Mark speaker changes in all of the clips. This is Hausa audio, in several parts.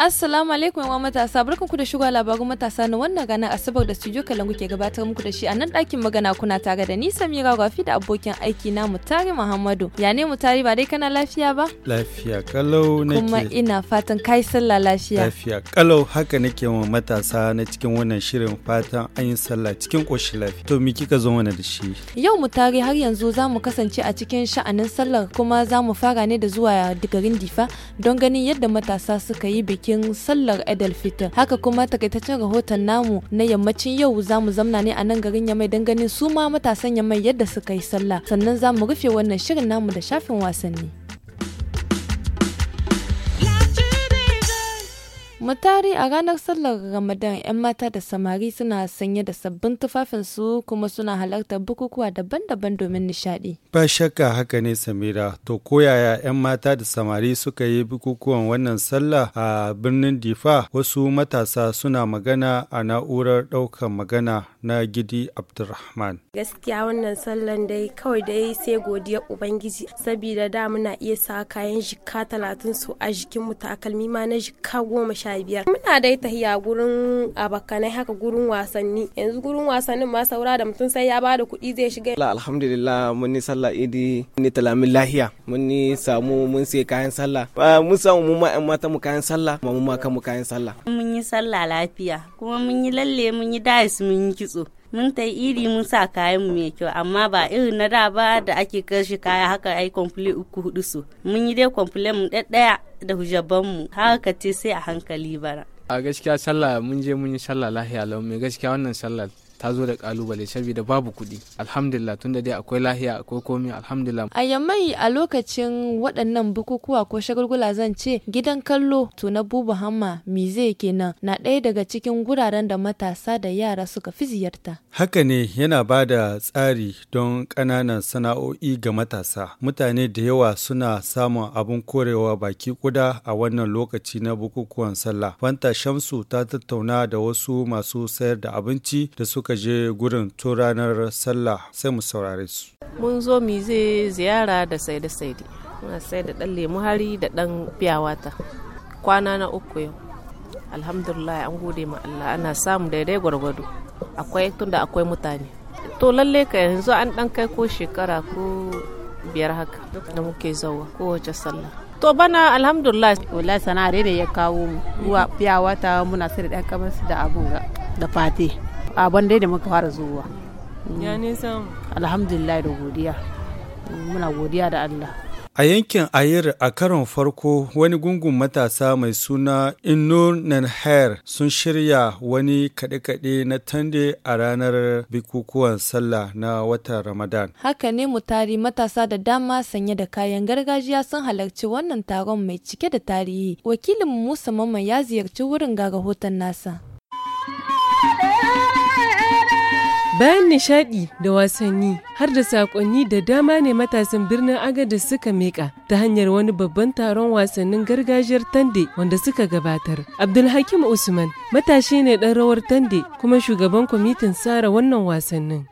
Speaker 1: Assalamu alaikum yawan matasa barkan ku da shigo labarin matasa na wannan gana asabar da studio kalangu ke gabatar muku da shi a nan ɗakin magana kuna tare da ni Samira Rafi da abokin aiki na Mutari Muhammadu. Ya ne Mutari ba dai kana lafiya ba?
Speaker 2: Lafiya kalau nake. Kuma
Speaker 1: ina fatan kai sallah lafiya.
Speaker 2: Lafiya kalau haka nake wa matasa na cikin wannan shirin fatan an yi sallah cikin koshin lafiya. To me kika zo mana da shi?
Speaker 1: Yau Mutari har yanzu za mu kasance a cikin sha'anin sallar kuma za mu fara ne da zuwa garin Difa don ganin yadda matasa suka yi biki. bikin sallar Adel Fitr. Haka kuma takaitaccen rahoton namu na yammacin yau za mu zamna ne a nan garin Yamai don ganin su ma matasan Yamai yadda suka yi sallah. Sannan za mu rufe wannan shirin namu da shafin wasanni. Mutari a ranar sallar Ramadan 'yan mata da samari suna sanye da sabbin tufafin su kuma suna halartar bukukuwa daban-daban domin nishadi.
Speaker 2: Ba shakka haka ne Samira, to koyaya 'yan mata da samari suka yi bukukuwan wannan sallah a birnin Difa wasu matasa suna magana a na'urar ɗaukar magana na Gidi Abdulrahman.
Speaker 3: Gaskiya wannan sallan dai kawai dai sai godiya Ubangiji, saboda da muna iya sa kayan jikka talatin su a jikinmu takalmi ma na jikka goma sha sha biyar muna dai tahiya gurin abakanai haka gurin wasanni yanzu gurin wasannin ma saura da mutum sai ya da kuɗi zai shiga
Speaker 4: alhamdulillah mun yi sallah idi mun yi talamin lahiya mun yi samu mun sai kayan sallah mun samu mun ma ƴan mata mu kayan sallah kuma mun ma kan mu kayan sallah
Speaker 3: mun yi sallah lafiya kuma mun yi lalle mun yi dais mun yi kitso mun ta yi iri mun sa kayan mu mai kyau amma ba irin na da ba da ake kashe kaya haka ai komfule uku hudu su mun yi dai komfule mu ɗaya da hujabanmu haka ce sai a hankali bara
Speaker 4: a gaskiya sallah mun je mun yi sallah lahiya lau mai gaskiya wannan sallah ta zo da kalubale da babu kuɗi alhamdulillah tunda dai akwai lahiya akwai komi alhamdulillah
Speaker 1: a yammai a lokacin waɗannan bukukuwa ko shagulgula zan ce gidan kallo to na buba hamma mize kenan na ɗaya daga cikin guraren da matasa da yara suka fi ziyarta
Speaker 2: haka ne yana ba da tsari don ƙananan sana'o'i ga matasa mutane da yawa suna samun abun korewa baki kuda a wannan lokaci na bukukuwan sallah fanta shamsu ta tattauna da wasu masu sayar da abinci da suka suka je gurin to ranar sallah sai mu saurare su
Speaker 3: mun zo mu zai ziyara da saide saide muna sai da dan lemu hari da dan fiyawata kwana na uku yau alhamdulillah an gode ma Allah ana samu daidai gwargwado akwai tunda akwai mutane to lalle ka yanzu an ɗan kai ko shekara ko biyar haka da muke zauwa kowace sallah to bana alhamdulillah Wala sana'are ne ya kawo mu ruwa fiyawata muna sai da kamar su da abu da fate abin da muka fara zuwa ya nisa alhamdulillah da godiya muna godiya da allah
Speaker 2: A yankin Ayir a karon farko wani gungun matasa mai suna Innur Nanher sun shirya wani kaɗe-kaɗe na tande a ranar bikukuwan sallah na wata Ramadan.
Speaker 1: Haka ne mu tari matasa da dama sanye da kayan gargajiya sun halarci wannan taron mai cike da tarihi. Wakilin Musa Mamman ya ziyarci wurin ga rahoton nasa. Bayan nishaɗi
Speaker 5: da wasanni har da sakonni da dama ne matasan birnin agada suka meka ta hanyar wani babban taron wasannin gargajiyar Tande wanda suka gabatar. Abdulhakim Usman matashi ne ɗan rawar Tande kuma shugaban kwamitin tsara wannan wasannin.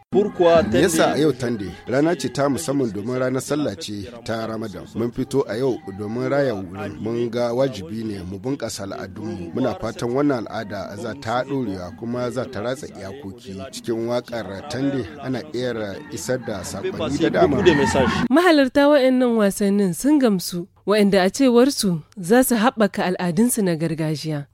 Speaker 4: Yasa a yau tande rana ce ta musamman domin ranar sallah ce ta Ramadan. Mun fito a yau domin raya wurin mun ga wajibi ne mu bunƙasa al'adunmu. Muna fatan wannan al'ada za ta ɗorewa kuma za ta ratsa iyakoki. Cikin waƙar tande ana iya isar da saƙonni da dama.
Speaker 5: Mahalarta waɗannan wasannin sun gamsu waɗanda a cewarsu za su haɓaka al'adunsu na gargajiya.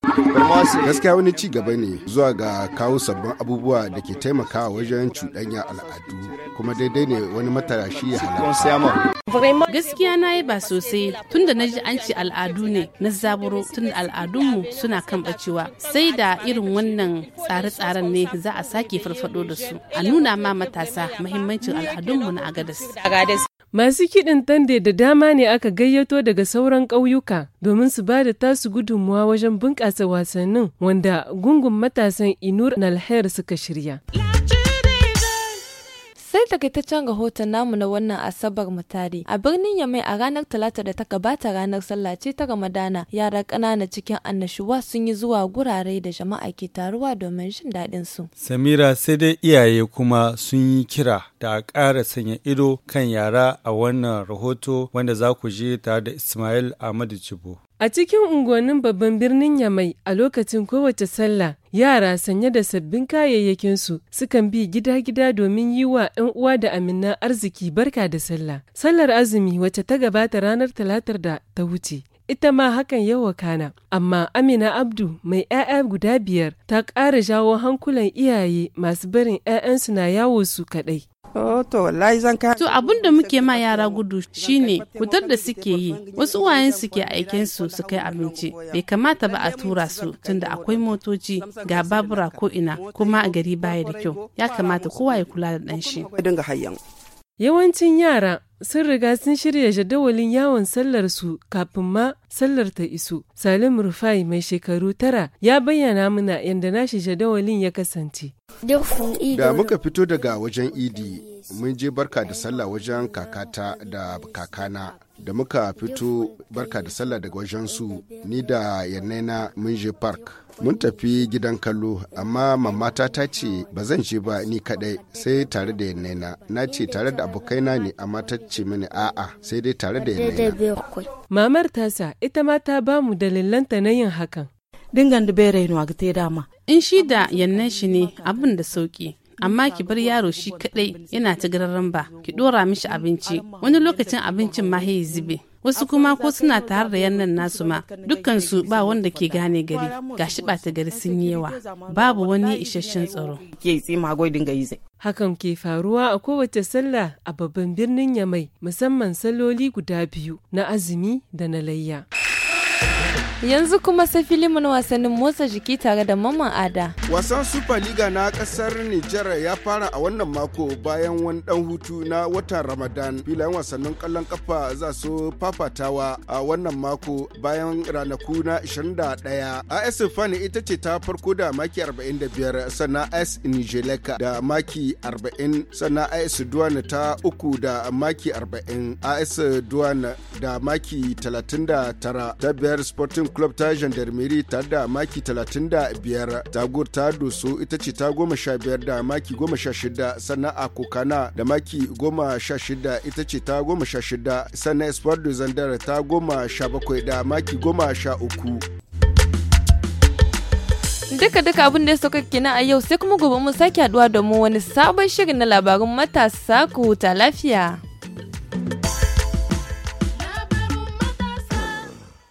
Speaker 4: Gaskiya wani ci gaba ne zuwa ga kawo sabbin abubuwa da ke taimakawa wajen cuɗanya al'adu kuma daidai ne wani matarashi ya halarta.
Speaker 3: Gaskiya na yi ba sosai tunda na ji an ci al'adu ne na zaburo tunda al'adunmu suna kan bacewa sai da irin wannan tsare-tsaren ne za a sake farfado da su a nuna ma matasa mahimmancin al'adunmu na agadas.
Speaker 5: Masu kiɗin tande da dama ne aka gayyato daga sauran ƙauyuka domin su ba da tasu gudunmuwa wajen bunƙasa wasannin wanda gungun matasan Inur Nalher suka shirya.
Speaker 1: Sai ta takaitaccen rahoton namu na wannan Asabar mu A birnin Yamai a ranar Talata da ta gabata ranar sallah ce ta Ramadana, yara kanana cikin annashuwa sun yi zuwa gurare da jama'a ke taruwa domin jin daɗin su.
Speaker 2: Samira sai dai iyaye kuma sun yi kira da a ƙara sanya ido kan yara a wannan rahoto wanda za ku je tare da Ismail Ahmadu cibo
Speaker 5: A cikin unguwannin babban birnin Yamai a lokacin kowace sallah Yara sanye da sabbin kayayyakinsu sukan bi gida-gida domin yi wa 'yan uwa da amina arziki barka da sallah. Sallar azumi wacce ta gabata ranar talatar da ta wuce. Ita ma hakan yawa kana, amma Amina Abdu mai 'ya'ya guda biyar ta ƙara jawo hankulan iyaye masu barin 'ya'yansu na yawo su kaɗai. Oh, to wallahi to abun da muke ma yara gudu shine fitar da suke
Speaker 3: yi wasu uwayen su ke aiken su su kai abinci bai kamata ba a tura su tunda akwai motoci ga babura ko ina kuma a gari baya da kyau ya kamata kowa ya kula da dan
Speaker 4: shi dinga hayyan
Speaker 5: Yawancin yara sun riga sun shirya jadawalin yawon sallar su kafin ma sallar ta iso. Salim Rufai mai shekaru tara ya bayyana mana yadda nashi jadawalin ya kasance.
Speaker 4: Da muka fito daga wajen Idi, mun je barka da sallah wajen kakata da kakana da muka fito barka da sallah daga wajen su ni da yanaina mun je park mun tafi gidan kallo amma mamata ta ce ba zan je ba ni kadai sai tare da yanaina na ce tare da abokaina ne amma ta ce mini a'a sai dai tare da yanaina
Speaker 5: mamar tasa ita ma ta ba mu dalilanta na yin hakan dingan da bere no
Speaker 3: ga dama in shi da yannan shi ne abin da sauki amma ki bar yaro shi kadai yana ta gararan ba ki dora mishi abinci wani lokacin abincin ma ya zube wasu kuma ko suna tare da yannan nasu ma su ba wanda ke gane gari ga gashi ta gari
Speaker 5: sun yi yawa babu wani isasshen tsaro hakan ke faruwa a kowace sallah a babban birnin yamai musamman saloli guda biyu na
Speaker 4: azumi da na layya
Speaker 1: Yanzu kuma sai filimin wasannin motsa jiki tare da Mamman Ada.
Speaker 4: Wasan Super Liga na kasar Nijar ya fara a wannan mako bayan wani dan hutu na watan Ramadan. Filayen wasannin kallon kafa za su fafatawa a wannan mako bayan ranaku na 21. AS Fani ita ce ta farko da maki 45 sannan AS Nijeleka da maki 40 sannan AS Duwan ta uku da maki 40 AS Duwan da maki 39 ta biyar ƙungiyar sporting club ta jandarmeri ta da maki 35 tagur ta dusu ita ce ta 15 da maki 16 sannan a kokana da maki 16 ita ce ta 16 sannan sport du zandar ta 17 da maki 13
Speaker 1: duka duka abin da ya sauka kina a yau sai kuma gobe mun sake haduwa da mu wani sabon shirin na labarin matasa ku huta lafiya